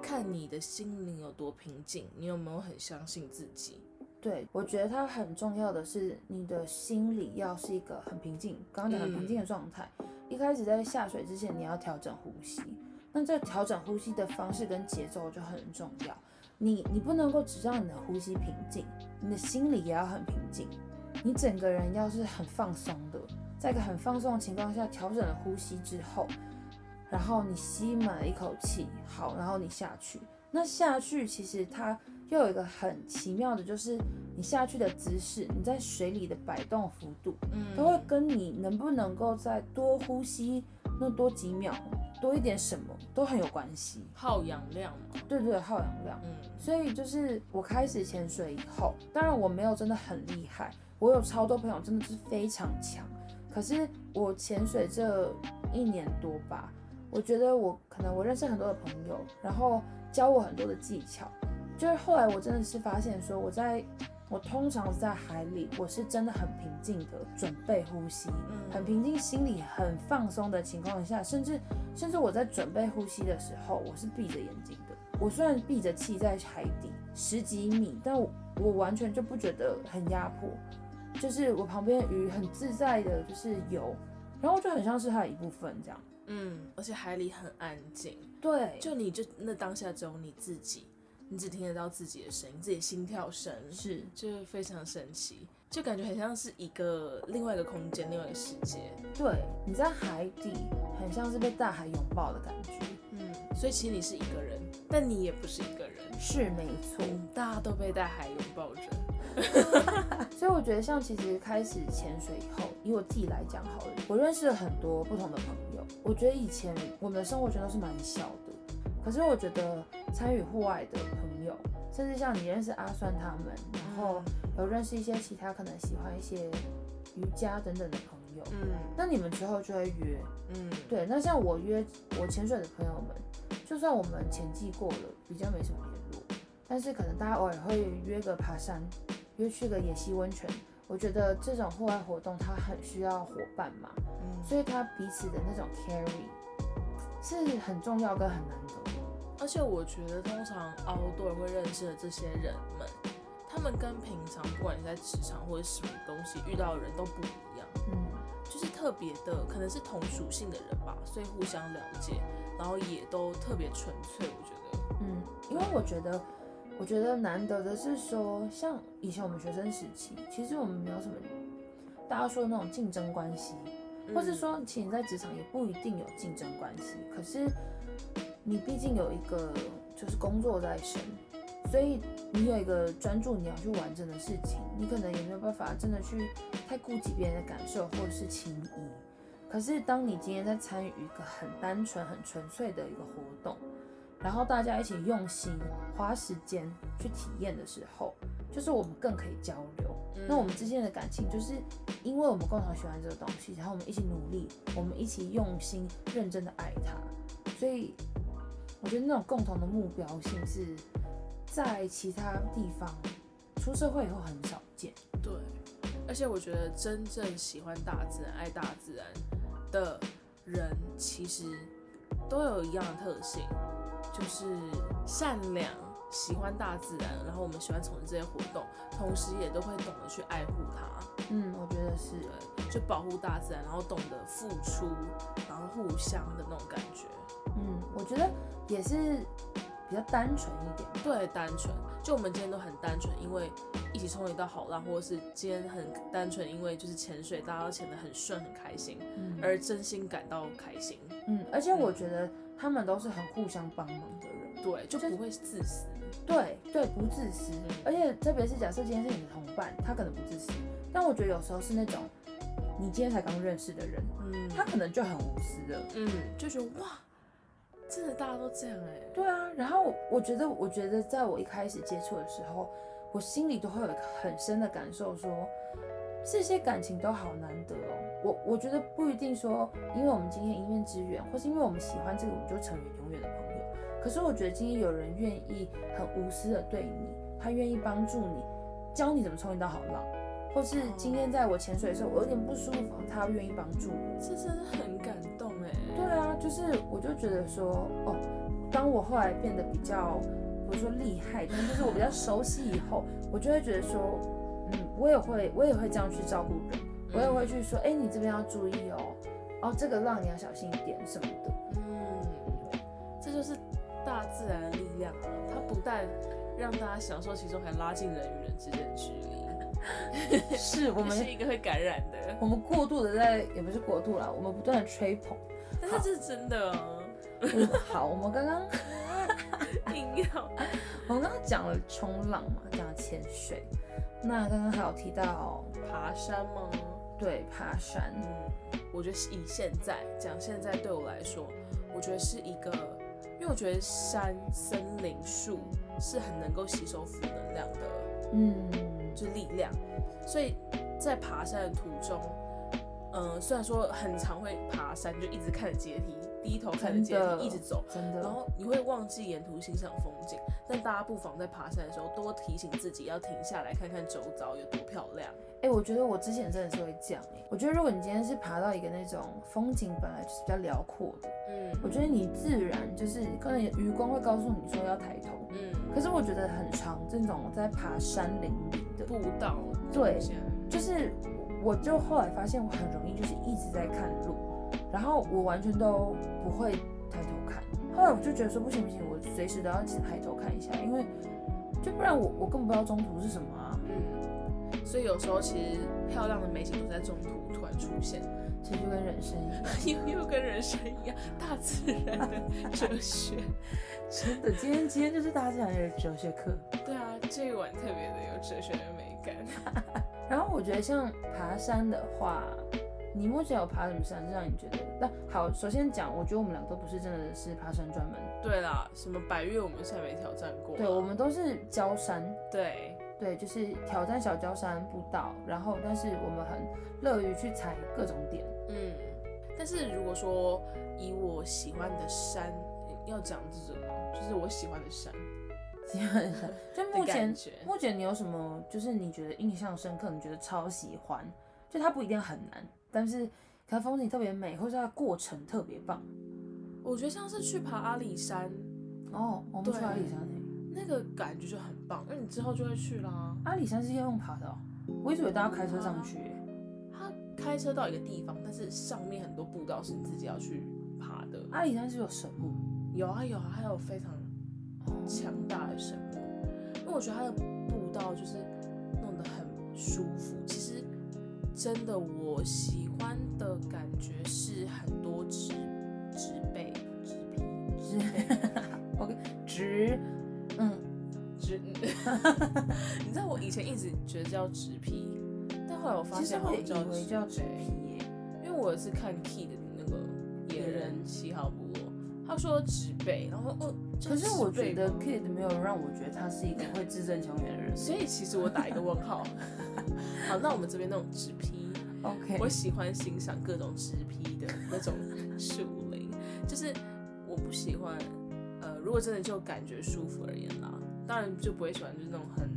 看你的心靈有多平靜，你有沒有很相信自己？對，我覺得它很重要的是你的心理要是一個很平靜，剛剛講很平靜的狀態。嗯。一開始在下水之前，你要調整呼吸。那這調整呼吸的方式跟節奏就很重要你，你你不能夠只讓你的呼吸平靜，你的心裡也要很平靜。你整個人要是很放鬆的，在一個很放鬆的情況下調整了呼吸之後，然後你吸滿了一口氣，好，然後你下去。那下去其實它又有一個很奇妙的，就是你下去的姿勢，你在水裡的擺動幅度，它會跟你能不能夠再多呼吸那多幾秒。多一點什麼都很有關係，耗氧量嘛，對對，耗氧量，嗯，所以就是我開始潛水以後，當然我沒有真的很厲害，我有超多朋友真的是非常強，可是我潛水這一年多吧，我覺得我可能我認識很多的朋友，然後教我很多的技巧，就是後來我真的是發現說我在。我通常在海裡，我是真的很平靜的，準備呼吸，嗯、很平靜，心裡很放鬆的情況下，甚至甚至我在準備呼吸的時候，我是閉着眼睛的。我雖然閉着氣在海底十幾米，但我我完全就不覺得很壓迫，就是我旁邊魚很自在的，就是游，然後我就很像是它的一部分這樣。嗯，而且海裡很安靜，對，就你就那當下只有你自己。你只聽得到自己的聲音，自己心跳聲，是，就非常神奇，就感覺很像是一個另外一個空間，另外一個世界。對，你在海底，很像是被大海擁抱的感覺。嗯，所以其實你是一個人，但你也不是一個人，是沒錯，大家都被大海擁抱着。 所以我覺得，像其實開始潛水以後，以我自己來講，好了，我認識了很多不同的朋友。我覺得以前我們的生活圈都是蠻小的，可是我覺得。參與戶外的朋友，甚至像你認識阿酸他們，然後有認識一些其他可能喜歡一些瑜伽等等的朋友，嗯，那你們之後就會約，嗯，對，那像我約我潛水的朋友們，就算我們潛季過了，比較沒什麼聯絡，但是可能大家偶爾會約個爬山，約去個野溪溫泉，我覺得這種戶外活動它很需要夥伴嘛，嗯，所以它彼此的那種 carry 是很重要跟很難得的。而且我覺得，通常 outdoor 會認識的這些人們，他們跟平常不管你在職場或者什麼東西遇到的人都不一樣，嗯，就是特別的，可能是同屬性的人吧，所以互相了解，然後也都特別純粹。我覺得，嗯，因為我覺得，我覺得難得的是說，像以前我們學生時期，其實我們沒有什麼大家說的那種競爭關係，或是說，其實你在職場也不一定有競爭關係，嗯，可是。你畢竟有一個就是工作在身，所以你有一個專注你要去完成的事情，你可能也沒有辦法真的去太顧及別人的感受或者是情誼。可是當你今天在參與一個很單純、很純粹的一個活動，然後大家一起用心花時間去體驗的時候，就是我們更可以交流。那我們之間的感情就是因為我們共同喜歡這個東西，然後我們一起努力，我們一起用心認真的愛它，所以。我覺得那種共同的目標性是在其他地方出社會以後很少見。對，而且我覺得真正喜歡大自然、愛大自然的人，其實都有一樣的特性，就是善良，喜歡大自然。然後我們喜歡從事這些活動，同時也都會懂得去愛護它。嗯，我覺得是，就保護大自然，然後懂得付出，然後互相的那種感覺。嗯，我覺得也是比較單純一點。對，單純。就我們今天都很單純，因為一起衝一道好浪，或者是今天很單純，因為就是潛水，大家都潛得很順，很開心、嗯，而真心感到開心。嗯，而且我覺得他們都是很互相幫忙的人。嗯、對，就不會自私。對對，不自私、嗯。而且特別是假設今天是你的同伴，他可能不自私，但我覺得有時候是那種你今天才剛認識的人，嗯，他可能就很無私的，嗯，就是哇。真的大家都這樣哎、欸，對啊，然後我覺得，我覺得在我一開始接觸的時候，我心裡都會有很深的感受說，說這些感情都好難得哦。我我覺得不一定說，因為我們今天一面之緣，或是因為我們喜歡這個，我們就成為永遠的朋友。可是我覺得今天有人願意很無私的對你，他願意幫助你，教你怎麼衝一道好浪，或是今天在我潛水的時候，我有點不舒服，他要願意幫助我、嗯，這真的很感動。對啊，就是我就覺得說，哦，當我後來變得比較，比如說厲害，但就是我比較熟悉以後， 我就會覺得說，嗯，我也會，我也會這樣去照顧人，我也會去說，哎、嗯欸，你這邊要注意哦，哦，這個浪你要小心一點什麼的，嗯，這就是大自然的力量啊，它不但讓大家享受其中，還拉近人與人之間的距離。 是，我們是一個會感染的我，我們過度的在，也不是過度啦，我們不斷的吹捧。這是真的哦、啊。好，我們剛剛，硬要。我們剛剛講了衝浪嘛，講了潛水，那剛剛還有提到爬山嗎？對，爬山。嗯，我覺得以現在講現在對我來說，我覺得是一個，因為我覺得山、森林、樹是很能夠吸收負能量的，嗯，就力量。所以在爬山的途中。嗯，雖然說很常會爬山，就一直看着階梯，低頭看着階梯的一直走，真的。然後你會忘記沿途欣賞風景，但大家不妨在爬山的時候多提醒自己要停下來看看周遭有多漂亮。哎、欸，我覺得我之前真的是會這樣、欸。我覺得如果你今天是爬到一個那種風景本來就是比較遼闊的，嗯，我覺得你自然就是可能餘光會告訴你說要抬頭，嗯。可是我覺得很常這種在爬山林的步道的，對，就是。我就後來發現，我很容易就是一直在看路，然後我完全都不會抬頭看。後來我就覺得說不行不行，我隨時都要去抬頭看一下，因為就不然我我根本不知道中途是什麼啊。嗯。所以有時候其實漂亮的美景都在中途突然出現，其實就跟人生一樣。 又跟人生一樣，大自然的哲學。 真的，今天今天就是大自然的哲學課。對啊，這一晚特別的有哲學的美感。然後我覺得像爬山的話，你目前有爬什麼山？是讓你覺得？那好，首先講，我覺得我們兩個都不是真的是爬山專門。對啦，什麼百岳我們從來沒挑戰過。對，我們都是郊山。對對，就是挑戰小郊山步道。然後，但是我們很樂於去踩各種點。嗯，但是如果說以我喜歡的山，要講是什麼，就是我喜歡的山。 就目前，目前你有什麼？就是你覺得印象深刻，你覺得超喜歡，就它不一定很難，但是它風景特別美，或者它過程特別棒。我覺得像是去爬阿里山、嗯、哦，我們去阿里山、欸，那個感覺就很棒，因為你之後就會去啦。阿里山是要用爬的、喔，我一直以為大家開車上去、欸。他、嗯、開車到一個地方，但是上面很多步道是你自己要去爬的。阿、啊、裡山是有神木，有啊有啊，還有非常。強大的什麼？因為我覺得它的步道就是弄得很舒服。其實真的，我喜歡的感覺是很多植植被、植皮、植，OK，植，嗯，植，你知道我以前一直覺得叫植皮，但後來我發現，其實我以為叫植皮耶，因為我也是看 Key 的那個野人七號部落。嗯他說植被，然後哦，可是我覺得 Kid 沒有讓我覺得他是一個會字正腔圓的人，所以其實我打一個問號。 好，那我們這邊那種植被，OK，我喜歡欣賞各種植被的那種樹林，就是我不喜歡，呃，如果真的就感覺舒服而言啦，啊，當然就不會喜歡就是那種很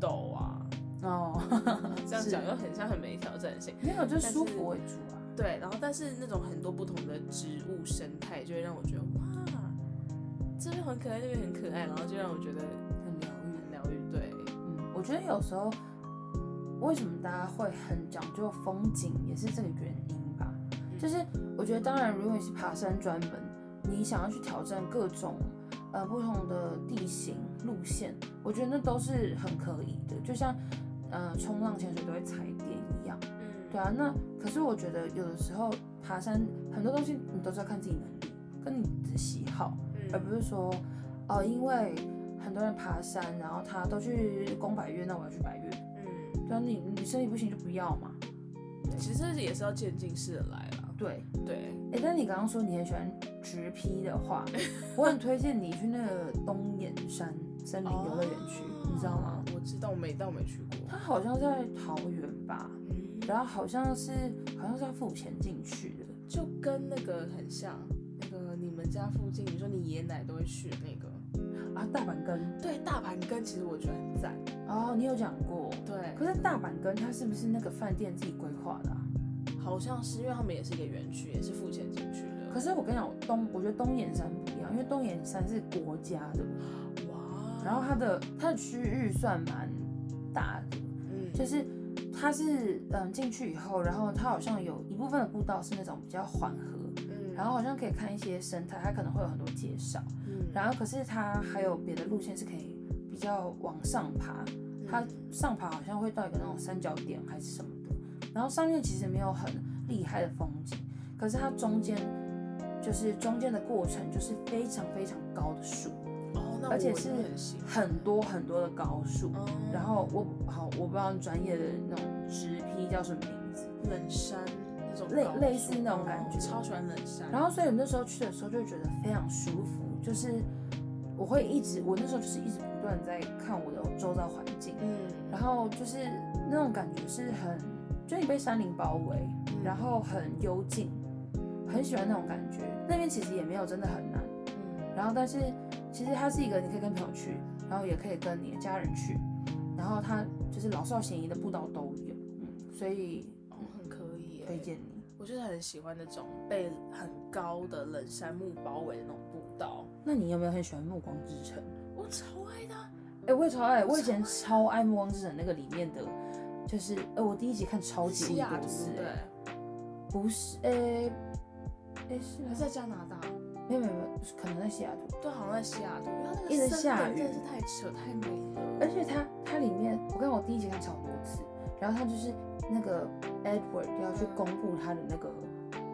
陡啊，哦， 這樣講又很像很沒挑戰性， 沒有，就是舒服為主啊。對，然後但是那種很多不同的植物生態就會讓我覺得哇，這邊很可愛，那邊很可愛，然後就讓我覺得很療癒，很療癒。對，嗯，我覺得有時候為什麼大家會很講究風景，也是這個原因吧。就是我覺得，當然，如果你是爬山專門，你想要去挑戰各種呃不同的地形路線，我覺得那都是很可以的。就像呃，衝浪潛水都會踩。對啊，那可是我覺得有的時候爬山很多東西你都是要看自己能力跟你的喜好，嗯，而不是說，哦，因為很多人爬山，然後他都去攻百岳，那我要去百岳。嗯，對啊，你你身體不行就不要嘛，其實這也是要漸進式的來啦，對對，哎、欸，但你剛剛說你也喜歡直批的話， 我很推薦你去那個東眼山森林遊樂園區、哦，你知道嗎？我知道，我沒到沒去過，他好像在桃園吧。嗯然後好像是好像是要付錢進去的，就跟那個很像，那個你們家附近，你說你爺爺奶奶都會去的那個啊，大板根。對，大板根其實我覺得很讚哦，你有講過。對，可是大板根它是不是那個飯店自己規劃的？啊嗯？好像是，因為他們也是一個園區，也是付錢進去的。嗯、可是我跟你講，我東我覺得東眼山不一樣，因為東眼山是國家的，哇，然後它的它的區域算蠻大的，嗯，就是。它是嗯進去以後，然後它好像有一部分的步道是那種比較緩和，嗯，然後好像可以看一些生態，它可能會有很多介紹，嗯，然後可是它還有別的路線是可以比較往上爬，它上爬好像會到一個那種三角點還是什麼的，然後上面其實沒有很厲害的風景，可是它中間就是中間的過程就是非常非常高的樹，哦，那而且是很很多很多的高樹，嗯，然後我。好，我不知道專業的那種直批叫什麼名字，冷杉那種類類似那種感覺，超喜歡冷杉。然後所以我那時候去的時候就覺得非常舒服，就是我會一直、嗯、我那時候就是一直不斷在看我的周遭環境，嗯，然後就是那種感覺是很，就你被山林包圍、嗯，然後很幽靜，很喜歡那種感覺。那邊其實也沒有真的很難，嗯，然後但是其實它是一個你可以跟朋友去，然後也可以跟你的家人去，然後它。就是老少咸宜的步道都有，嗯、所以、嗯哦、很可以推、欸、薦你。我就是很喜歡那種被很高的冷杉木包圍的那種步道。那你有沒有很喜歡《暮光之城》哦？我超愛的。哎、欸，我也超愛。我以前超愛《暮光之城》那個裡面的，就是呃、欸，我第一集看超級多、欸對不對，不是？不、欸欸、是、啊，哎哎是？是在加拿大？沒有沒有沒有，可能在西雅圖。對，好像在西雅圖。因為他，那個三本真的是太扯太美。而且他他裡面，我看我第一集看好多次，然後他就是那個 Edward 要去公布他的那個，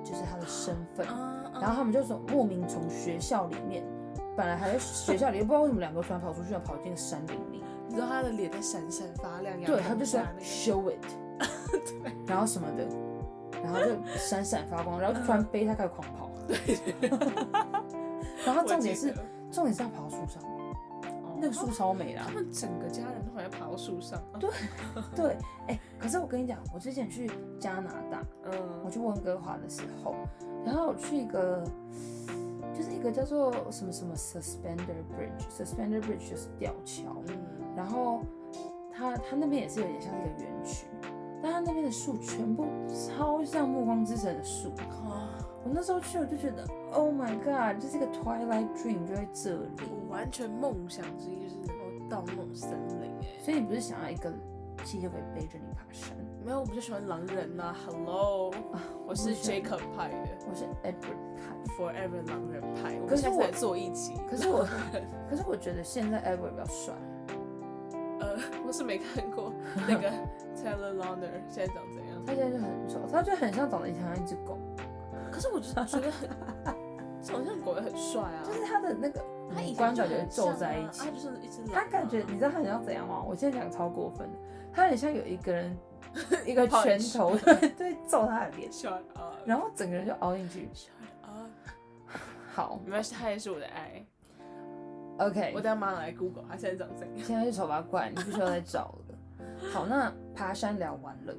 就是他的身份，嗯嗯、然後他們就說、嗯、莫名從學校裡面，嗯、本來還在學校裡面， 不知道為什麼兩個突然跑出去了，跑進山林裡面，你知道他的臉在閃閃發亮，對，他就是要 show it， 對，然後什麼的，然後就閃閃發光，然後就突然背他開始狂跑， 對 然後重點是重點是要跑到樹上。那個樹超美啦，他們整個家人都好像爬到樹上。對對，哎、欸，可是我跟你講，我之前去加拿大，嗯，我去溫哥華的時候，然後去一個，就是一個叫做什麼什麼 suspender bridge，suspender bridge 就是吊橋、嗯，然後它它那邊也是有點像一個園區，但它那邊的樹全部超像暮光之城的樹。我那時候去，我就覺得，Oh my god，這是一個 Twilight Dream，就在這裡。我完全夢想之一就是能夠到夢森林哎。所以你不是想要一個吸血鬼背着你爬山？沒有，我比較喜歡狼人吶、啊。Hello，、啊、我是我 Jacob 派的，我是 Edward 派，Forever 狼人派。可是我現在做一集，可是我，可是我， 可是我覺得現在 Edward 比較帥。呃，我是沒看過那個 Taylor Lautner 現在長怎樣？他現在就很瘦，他就很像長得像一隻狗。可是我就覺得很， 好像狗也很帥啊。就是他的那個、啊，他五官就皺在一起。他感覺 你知道他很像怎樣嗎？我現在講得超過分的。他很像有一個人 一個拳頭在揍他的臉， 然後整個人就凹進去。 好，沒關係，他也是我的愛。OK，我等媽媽來 Google，他現在長怎樣，現在是醜八怪，你不需要再找了。好，那爬山聊完了，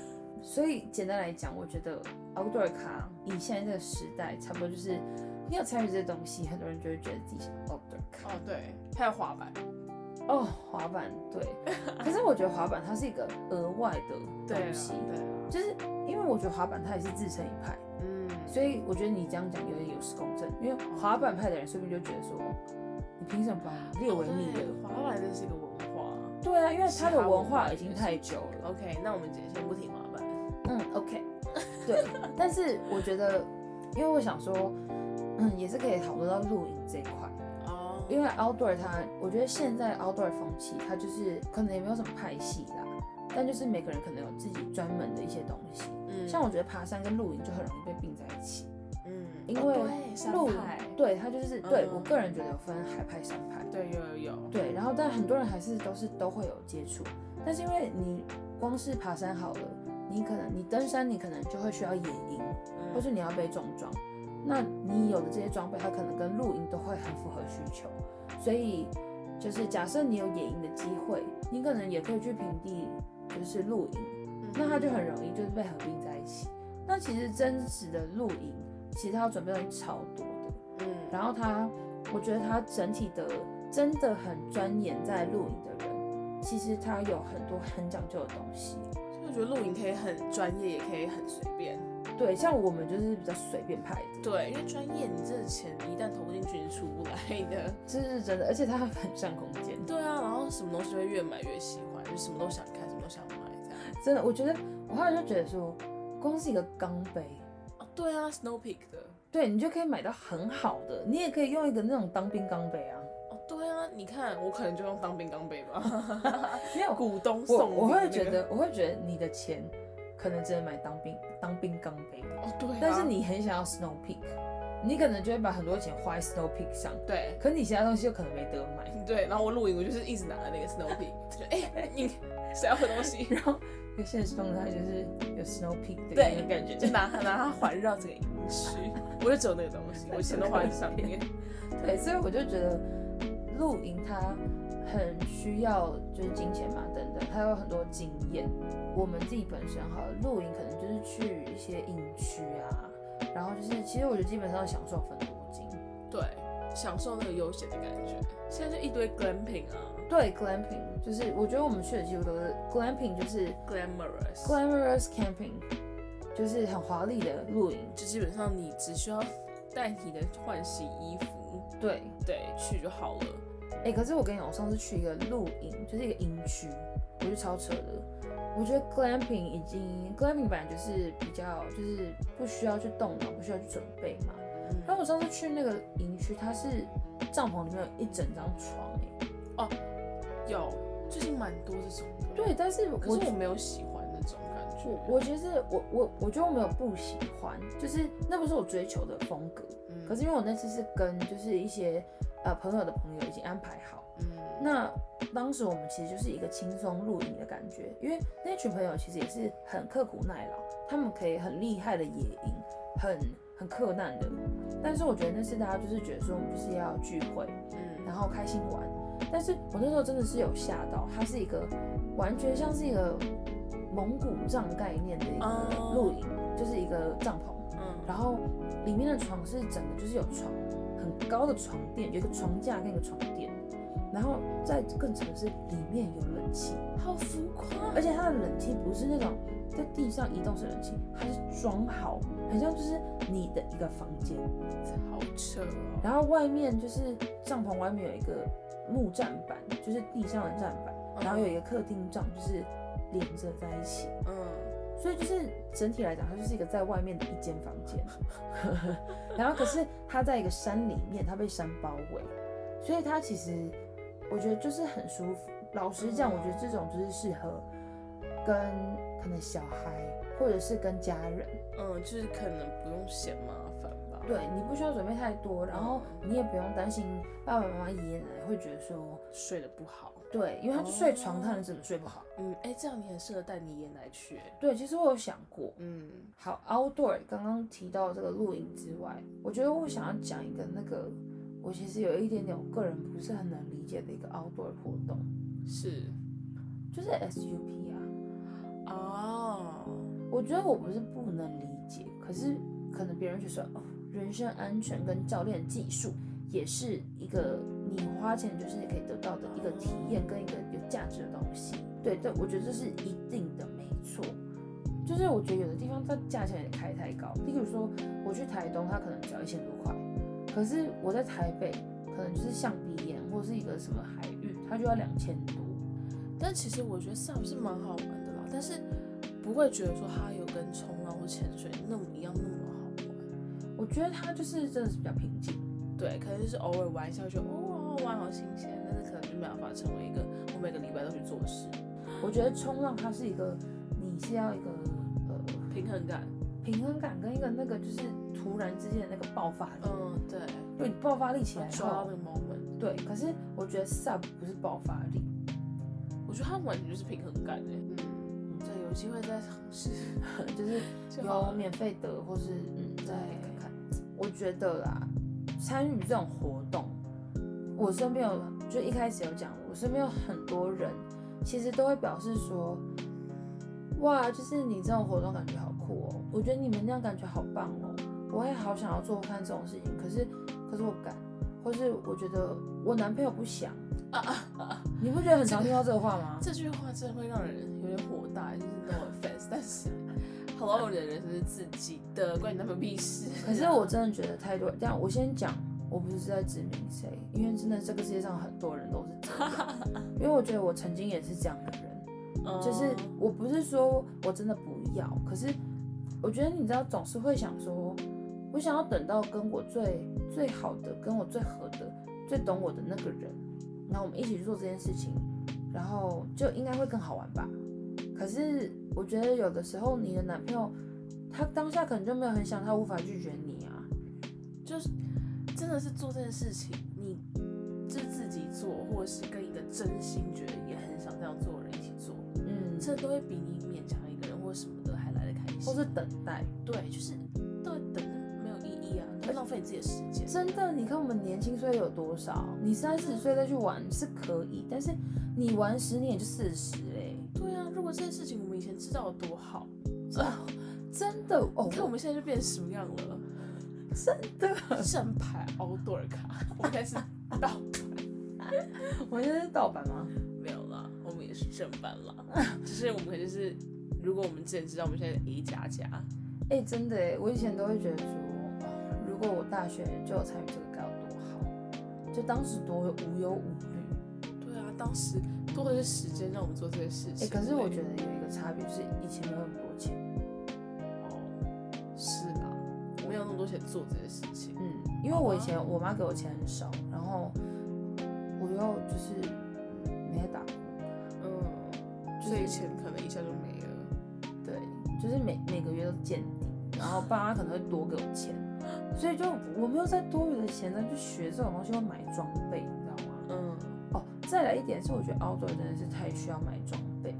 所以簡單來講，我覺得。Outdoor 咖，以現在這個時代，差不多就是你有參與這些東西，很多人就會覺得自己是 Outdoor 咖。哦，對，還有滑板。哦、oh，滑板，對。 可是我覺得滑板它是一個額外的東西。對、啊對啊、就是因為我覺得滑板它也是自成一派。嗯。所以我覺得你這樣講有點有失公正，因為滑板派的人說不定就覺得說，你憑什麼把它列為你的？哦、滑板這是一個文化。對啊，因為它的文化已經太久了。OK，那我們直接先不提滑板。嗯，OK。 對，但是我覺得，因為我想說，嗯，也是可以討論到露營這一塊哦。Oh. 因為 outdoor 它，我覺得現在 outdoor 風氣，它就是可能也沒有什麼派系啦，但就是每個人可能有自己專門的一些東西。嗯、mm.，像我覺得爬山跟露營就很容易被併在一起。嗯、mm.，因為山、oh, 派，對，它就是、uh -huh. 對我個人覺得有分海派、山派。對，有有有。對，然後但很多人還是都是都會有接觸，但是因為你光是爬山好了。你可能你登山，你可能就會需要野營，或是你要背重裝。那你有的這些裝備，它可能跟露營都會很符合需求。所以，就是假設你有野營的機會，你可能也可以去平地，就是露營。那它就很容易就是被合併在一起。那其實真實的露營，其實要準備的超多的。嗯，然後它，我覺得它整體的真的很鑽研在露營的人，其實他有很多很講究的東西。我覺得露營可以很專業，也可以很隨便。對，像我們就是比較隨便拍的。對，因為專業你，你這個錢一旦投不進去，是出不來的，這是，是真的。而且它很占空間。對啊，然後什麼東西會越買越喜歡，嗯，就什麼都想看，什麼都想買，這樣。真的，我覺得我後來就覺得說，光是一個鋼杯啊，對啊，Snow Peak 的，對你就可以買到很好的，你也可以用一個那種當兵鋼杯啊。對啊，你看我可能就用當兵鋼杯吧， 沒有股東送我。我會覺得，我會覺得你的錢可能只能買當兵當兵鋼杯哦。對、啊。但是你很想要 Snow Peak，你可能就會把很多錢花在 Snow Peak 上。對。可是你其他東西又可能沒得買。對。然後我露營，我就是一直拿着那個 Snow Peak，就哎、欸，你誰 要喝東西？然後現實中的他就是有 Snow Peak 的那種感覺，就拿它，拿它環繞整個營區， 我就只有那個東西，我錢都花在上面。 對，所以我就覺得。露營它很需要就是金錢嘛，等等，它有很多經驗。我們自己本身好露營，可能就是去一些營區啊，然後就是其實我覺得基本上享受很多金，對，享受那個悠閒的感覺。現在就一堆 glamping 啊，對，glamping 就是我覺得我們去的幾乎都是 glamping，就是 glamorous，glamorous glamorous camping，就是很華麗的露營，就基本上你只需要帶你的換洗衣服，對對，去就好了。哎、欸，可是我跟你講，我上次去一個露營，就是一個營區，我就超扯的。我覺得 glamping 已經 glamping、嗯、本來就是比較就是不需要去動腦，不需要去準備嘛。嗯、然後我上次去那個營區，它是帳篷裡面有一整張床哎。哦、啊，有，最近蠻多這種感覺。對，但是可是我沒有喜歡那種感覺。我其覺得是我我我覺得我沒有不喜歡，就是那不是我追求的風格、嗯。可是因為我那次是跟就是一些。呃，朋友的朋友已經安排好，嗯，那當時我們其實就是一個輕鬆露營的感覺，因為那群朋友其實也是很刻苦耐勞，他們可以很厲害的野營，很很克難的，但是我覺得那是大家就是覺得說我們就是要聚會，嗯，然後開心玩，但是我那時候真的是有嚇到，它是一個完全像是一個蒙古帳概念的一個露營，嗯，就是一個帳篷，嗯，然後裡面的床是整個就是有床，很高的床墊，有一個床架跟一個床墊，然後在更誇張是裡面有冷氣，好浮誇，啊，而且它的冷氣不是那種在地上移動式冷氣，它是裝好，很像就是你的一個房間，好扯哦。然後外面就是帳篷外面有一個木棧板，就是地上的棧板，嗯、然後有一個客廳帳，就是連着在一起，嗯。所以就是整體來講，它就是一個在外面的一間房間，然後可是它在一個山裡面，它被山包圍，所以它其實我覺得就是很舒服。老實講，我覺得這種就是適合跟可能小孩或者是跟家人，嗯，就是可能不用嫌麻煩吧。對，你不需要準備太多，然後你也不用擔心爸爸媽媽爺爺奶奶會覺得說睡得不好。對，因為他就睡床，他可能真的睡不好啊。嗯，哎，這樣也很適合帶你爺爺去。對，其實我有想過。嗯，好，Outdoor，剛剛提到這個露營之外，我覺得我想要講一個那個，我其實有一點點我個人不是很能理解的一個 Outdoor 活動。是，就是 SUP 啊。哦、oh。我覺得我不是不能理解，可是可能別人就說哦，人身安全跟教練技術也是一個。你花錢就是你可以得到的一個體驗跟一個有價值的東西，對對，我覺得這是一定的，沒錯。就是我覺得有的地方它價錢也開太高，你比如說我去台東，它可能只要一千多塊，可是我在台北，可能就是象鼻岩或是一個什麼海域，它就要兩千多。但其實我覺得 SUP 是蠻好玩的啦，但是不會覺得說它有跟衝浪或潛水那麼一樣那麼好玩。我覺得它就是真的是比較平靜，對，可能就是偶爾玩一下就哦。好新鮮，但是可能就沒辦法成為一個我每個禮拜都去做事。我覺得衝浪它是一個，你是要一個、呃、平衡感，平衡感跟一個那個就是突然之間的那個爆發力。嗯，對，你爆發力起來的、嗯 moment。對，可是我覺得 sub 不是爆發力，我覺得它完全就是平衡感哎、欸。嗯，對，有機會再嘗試， 就是有免費的或是嗯在看看，對。我覺得啦，參與這種活動。我身邊有，就一開始有講，我身邊有很多人，其實都會表示說，哇，就是你這種活動感覺好酷哦，我覺得你們那樣感覺好棒哦，我也好想要做看這種事情，可是，可是我不敢，或是我覺得我男朋友不想，啊啊、你不覺得很常、這個、聽到這個話嗎？這句話真的會讓人有點火大，就是 no offense，但是好 o 的人是自己的，關你男朋友屁事。可是我真的覺得太多，這樣我先講。我不是在指名誰，因為真的這個世界上很多人都是這樣，因為我覺得我曾經也是這樣的人， 就是我不是說我真的不要，可是我覺得你知道總是會想說，我想要等到跟我最最好的、跟我最合的、最懂我的那個人，然後我們一起做這件事情，然後就應該會更好玩吧。可是我覺得有的時候你的男朋友，他當下可能就沒有很想，他無法拒絕你啊，就是。真的是做這件事情，你就自己做，或者是跟一個真心覺得也很想這樣做的人一起做，嗯，這都會比你勉強一個人或什麼的還來得開心。或者等待，對，就是都會等沒有意義啊，會浪費自己的時間。真的，你看我們年輕歲月有多少，你三十歲再去玩，嗯，是可以，但是你玩十年也就四十嘞。對啊，如果這件事情我們以前知道有多好，呃，真的，哦。那我們現在就變成什麼樣了。真的，正牌 outdoor 卡，我們還是盜版。 我現在是盜版嗎？沒有啦，我們也是正版啦。 就是我們就是，如果我們之前知道，我們現在 A++。哎、欸，真的哎，我以前都會覺得說，如果我大學就有參與這個該有多好，就當時多無憂無慮。對啊，當時多的是時間讓我們做這些事情、欸。可是我覺得有一個差別就是以前沒有。多錢做這些事情。嗯，因為我以前我媽給我錢很少，啊，然後我又就是沒打過，嗯，就是，所以錢可能一下就沒了。對，就是每每個月都見底，然後爸媽可能會多給我錢，嗯，所以就我沒有再多餘的錢呢去學這種東西，會買裝備，你知道嗎？嗯，哦，再來一點是我覺得 outdoor 真的是太需要買裝備，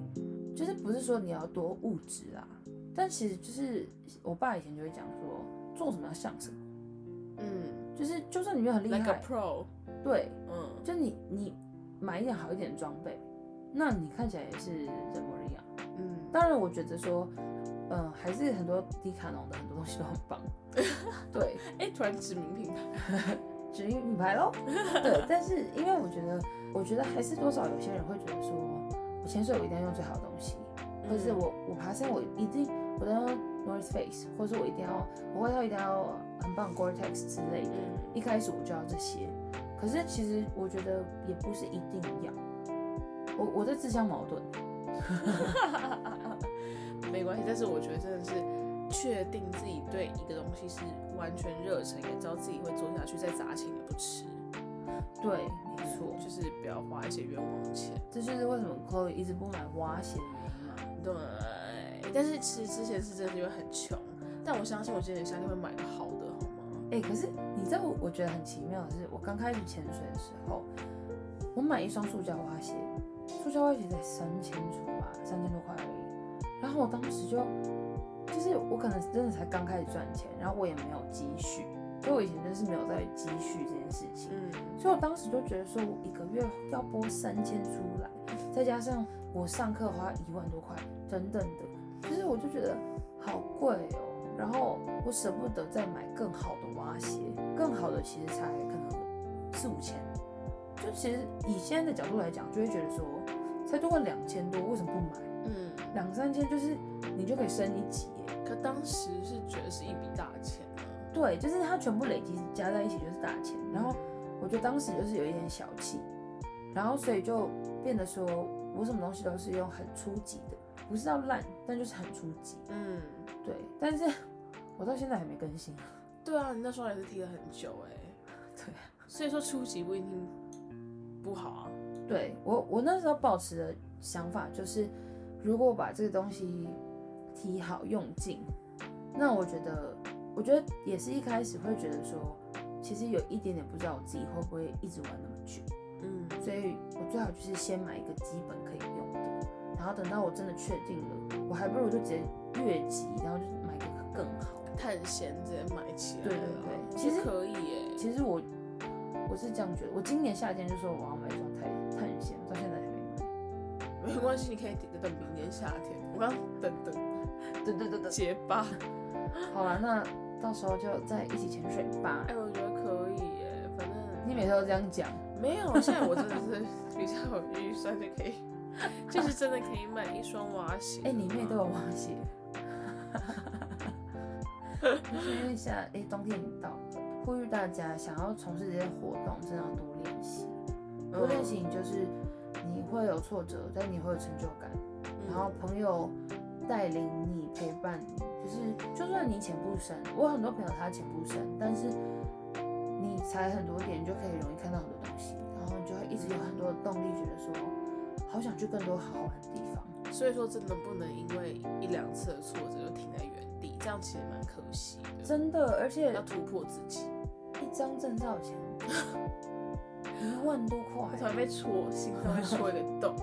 就是不是說你要多物質啊，但其實就是我爸以前就會講說。做什麼要像什麼，嗯，就是就算你沒有很厲害，like a pro. 對，嗯，就你你買一點好一點的裝備，那你看起來也是人模人樣，嗯。當然我覺得說，嗯、呃，還是很多迪卡儂的很多東西都很棒，嗯、對。哎、欸，突然指名品牌， 指名品牌嘍。 對，但是因為我覺得，我覺得還是多少有些人會覺得說，我潛水我一定要用最好的東西，嗯、可是我我爬山我一定我用。North Face，或者我一定要，我外套一定要很棒，Gore-Tex 之類的、嗯，一開始我就要這些。可是其實我覺得也不是一定要，我我在自相矛盾。 沒關係，但是我覺得真的是確定自己對一個東西是完全熱誠，也知道自己會做下去，再砸錢也不遲。對，沒錯，就是不要花一些冤枉錢、嗯。這就是為什麼 Chloe 一直不買蛙鞋的原因嘛。對。但是其實之前是真的因為很窮，但我相信我今年夏天會買個好的，好嗎？哎、欸，可是你知道，我覺得很奇妙的是，我剛開始潛水的時候，我買一雙塑膠蛙鞋，塑膠蛙鞋才三千出嘛，三千多塊而已。然後我當時就，就是我可能真的才剛開始賺錢，然後我也沒有積蓄，所以我以前就是沒有在積蓄這件事情。嗯，所以我當時就覺得說，我一個月要撥三千出來，再加上我上課花一萬多塊，等等的。就是我就覺得好貴哦，然後我捨不得再買更好的蛙鞋，更好的其實才可能四五千，就其實以現在的角度來講，就會覺得說才多過兩千多，為什麼不買？嗯，兩三千就是你就可以升一級。可當時是覺得是一筆大錢。對，就是它全部累積加在一起就是大錢，然後我覺得當時就是有一點小氣，然後所以就變得說我什麼東西都是用很初級的。不是要爛，但就是很初級。嗯，對。但是我到現在還沒更新。對啊，你那時候還是踢了很久哎、欸。對、啊。所以說初級不一定不好啊。對我，我那時候抱持的想法就是，如果把這個東西踢好用盡，那我覺得，我覺得也是一開始會覺得說，其實有一點點不知道我自己會不會一直玩那麼久。嗯。所以我最好就是先買一個基本可以用。然後等到我真的確定了，我還不如就直接越級，然後就買個更好的探險直接買起來。對對對，其實可以誒。其實我我是這樣覺得，我今年夏天就說我要買一雙探探險，到現在還沒買。沒關係、啊，你可以頂等明年夏天。我 要等等等等等，等，等 結吧。好了，那到時候就再一起潛水吧。哎、欸，我覺得可以誒，反正你每次都這樣講。沒有，現在我真的是比較有預算就可以。 就 是真的可以買一雙蛙鞋。哎、欸，你妹都有蛙鞋。哈哈哈哈，因為下哎、欸、冬天已經到了，呼籲大家想要從事這些活動，真的要多練習。嗯。多練習就是你會有挫折，但你會有成就感。嗯、然後朋友帶領你陪伴你，就是、嗯、就算你潛不深，我有很多朋友他潛不深，但是你踩很多點就可以容易看到很多東西，然後你就會一直有很多的動力，覺得說好想去更多好玩的地方，所以說真的不能因為一兩次的挫折就停在原地，這樣其實蠻可惜的。真的，而且要突破自己。一張證照錢 一萬多塊，才會被戳，心臟會戳一個洞。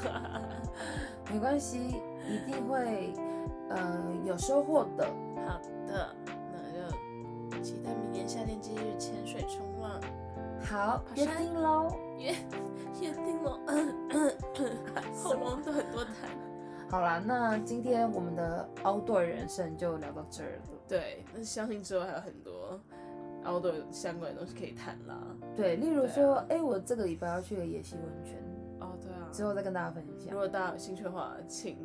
沒關係，一定會呃有收穫的。好的，那就期待明年夏天繼續潛水衝浪。好，約定嘍，約。也定了， 好嗎，我們很多談。好啦，那今天我們的 Outdoor 人生就聊到這兒了。對，那相信之後還有很多 Outdoor 相關的東西可以談啦。對，例如說，哎、啊欸，我這個禮拜要去野溪溫泉。哦、oh,，對啊。之後再跟大家分享。如果大家有興趣的話，請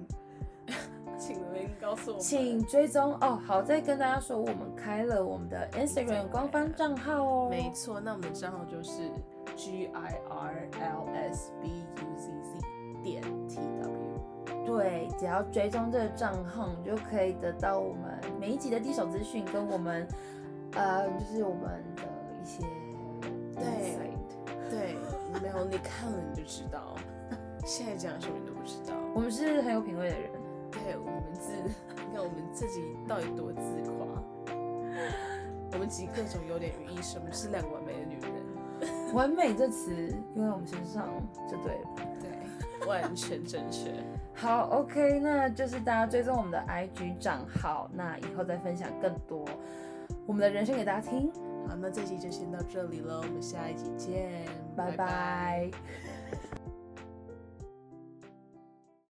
請留言告訴我。請追蹤哦。Oh, 好，再跟大家說，我們開了我們的 Instagram 官方賬號哦、喔。沒錯，那我們的賬號就是。g i r l s b u z z 點 t w 對，只要追蹤這個賬號，你就可以得到我們每一集的第一手資訊跟我們， 呃，就是我們的一些對，insight. 對，沒有你看了你就知道， 現在講什麼你都不知道。 我們是很有品味的人。對，我們自， 你看我們自己到底多自誇。 我們集各種優點於一身，我們是兩個完美的女人。 完美這詞用在我們身上就對了，對，完全正確。 好，OK，那就是大家追蹤我們的 IG 帳號，好，那以後再分享更多我們的人生給大家聽，嗯。好，那這集就先到這裡了，我們下一集見，bye bye 拜拜。